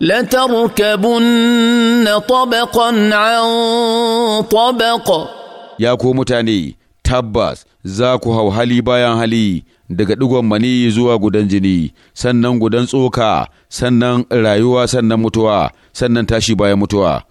لتركبن طبقا عن طبق يا كو متاني tabbas za ku hau hali bayan hali daga ɗigon mani zuwa gudan jini sannan gudan tsoka sannan rayuwa sannan mutuwa sannan tashi bayan mutuwa